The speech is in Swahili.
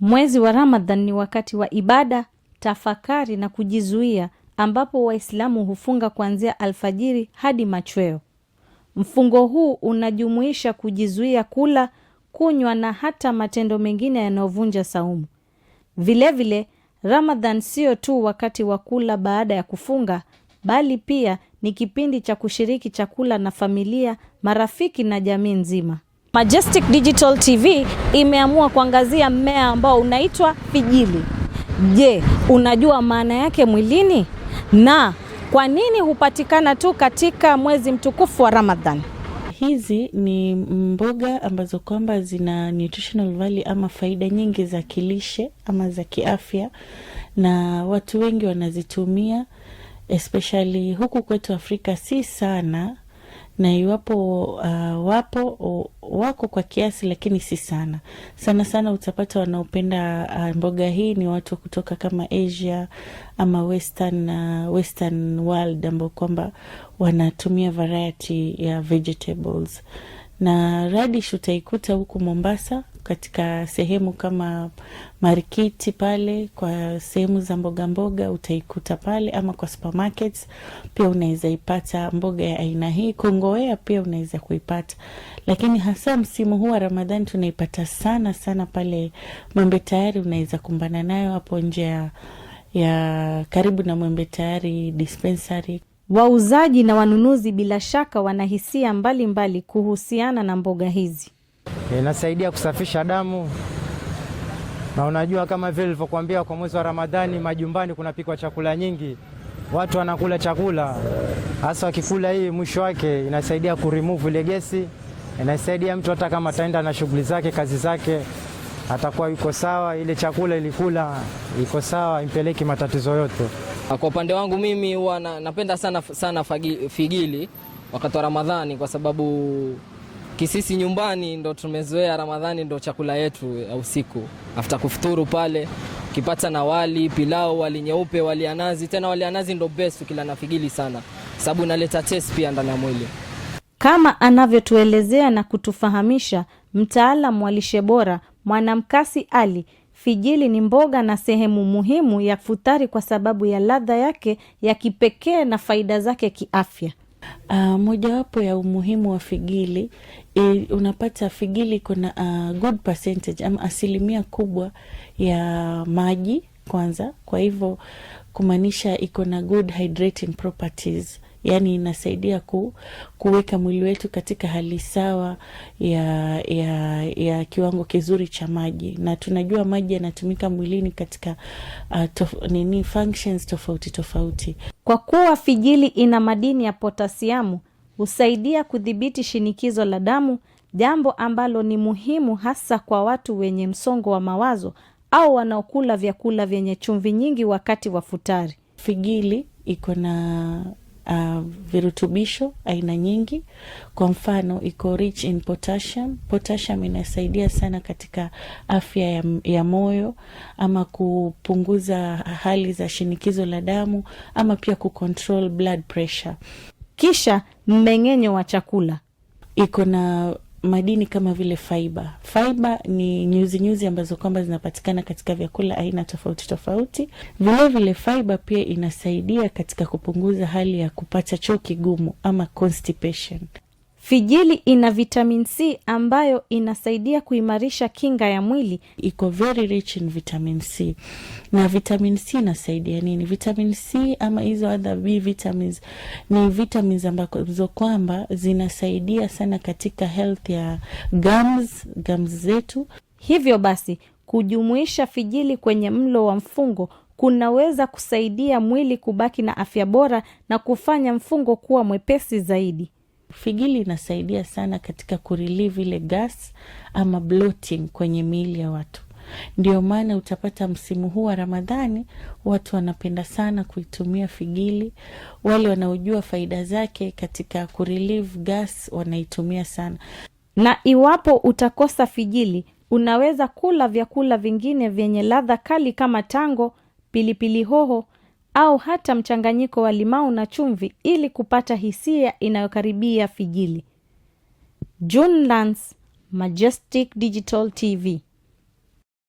Mwezi wa Ramadhan ni wakati wa ibada, tafakari na kujizuia, ambapo Waislamu hufunga kuanzia alfajiri hadi machweo. Mfungo huu unajumuisha kujizuia kula, kunywa na hata matendo mengine yanayovunja saumu. Vilevile, Ramadhan sio tu wakati wa kula baada ya kufunga, bali pia ni kipindi cha kushiriki chakula na familia, marafiki na jamii nzima. Majestic Digital TV imeamua kuangazia mmea ambao unaitwa fijili. Je, unajua maana yake mwilini na kwa nini hupatikana tu katika mwezi mtukufu wa Ramadhan? Hizi ni mboga ambazo kwamba zina nutritional value ama faida nyingi za kilishe ama za kiafya, na watu wengi wanazitumia especially huku kwetu Afrika si sana na iwapo uh, wapo o, wako kwa kiasi, lakini si sana sana sana. Utapata wanaopenda uh, mboga hii ni watu kutoka kama Asia ama western, uh, western world ambao kwamba wanatumia variety ya vegetables na radish utaikuta huku Mombasa katika sehemu kama marikiti pale, kwa sehemu za mboga mboga utaikuta pale, ama kwa supermarkets pia unaweza ipata mboga ya aina hii. Kongowea pia unaweza kuipata, lakini hasa msimu huu wa Ramadhani tunaipata sana sana pale Mwembe Tayari. Unaweza kumbana nayo hapo nje ya karibu na Mwembe Tayari dispensary. Wauzaji na wanunuzi bila shaka wana hisia mbalimbali kuhusiana na mboga hizi. Inasaidia kusafisha damu, na unajua kama vile nilivyokuambia, kwa mwezi wa Ramadhani majumbani kunapikwa chakula nyingi, watu wanakula chakula hasa wakikula hii, mwisho wake inasaidia kurimuvu ile gesi, inasaidia mtu hata kama ataenda na shughuli zake kazi zake atakuwa yuko sawa, ile chakula ilikula iko sawa, impeleki matatizo yote. Ah, kwa upande wangu mimi huwa napenda sana sana fagi, figili wakati wa Ramadhani kwa sababu kisisi nyumbani ndo tumezoea Ramadhani ndo chakula yetu ya usiku. afta kufuturu pale kipata na wali, pilau, wali nyeupe, wali anazi, tena wali anazi ndo best kila na figili sana sababu inaleta taste pia ndani ya mwili. Kama anavyotuelezea na kutufahamisha mtaalamu wa lishe bora Mwanamkasi Ali Fijili ni mboga na sehemu muhimu ya futari kwa sababu ya ladha yake ya kipekee na faida zake kiafya. Uh, ah, mojawapo ya umuhimu wa figili e, unapata figili kuna uh, good percentage ama asilimia kubwa ya maji kwanza, kwa hivyo kumaanisha iko na good hydrating properties yaani inasaidia ku, kuweka mwili wetu katika hali sawa ya, ya, ya kiwango kizuri cha maji, na tunajua maji yanatumika mwilini katika uh, tof, nini functions tofauti tofauti. Kwa kuwa fijili ina madini ya potasiamu husaidia kudhibiti shinikizo la damu, jambo ambalo ni muhimu hasa kwa watu wenye msongo wa mawazo au wanaokula vyakula vyenye chumvi nyingi wakati wa futari. Figili iko na uh, virutubisho aina nyingi. Kwa mfano iko rich in potassium. Potassium inasaidia sana katika afya ya, ya moyo ama kupunguza hali za shinikizo la damu ama pia kucontrol blood pressure. Kisha mmeng'enyo wa chakula iko na madini kama vile fiber. Fiber ni nyuzi nyuzi ambazo kwamba zinapatikana katika vyakula aina tofauti tofauti. Vile vile fiber pia inasaidia katika kupunguza hali ya kupata choo kigumu ama constipation fijili ina vitamin C ambayo inasaidia kuimarisha kinga ya mwili. Iko very rich in vitamin C. Na vitamin C inasaidia nini? Vitamin C ama hizo other B vitamins ni vitamins ambazo kwamba zinasaidia sana katika health ya gums, gums zetu. Hivyo basi kujumuisha fijili kwenye mlo wa mfungo kunaweza kusaidia mwili kubaki na afya bora na kufanya mfungo kuwa mwepesi zaidi. Figili inasaidia sana katika kurelieve ile gas ama bloating kwenye miili ya watu. Ndio maana utapata msimu huu wa Ramadhani watu wanapenda sana kuitumia figili. Wale wanaojua faida zake katika kurelieve gas wanaitumia sana. Na iwapo utakosa figili, unaweza kula vyakula vingine vyenye ladha kali kama tango, pilipili hoho au hata mchanganyiko wa limau na chumvi ili kupata hisia inayokaribia fijili. June Lance, Majestic Digital TV.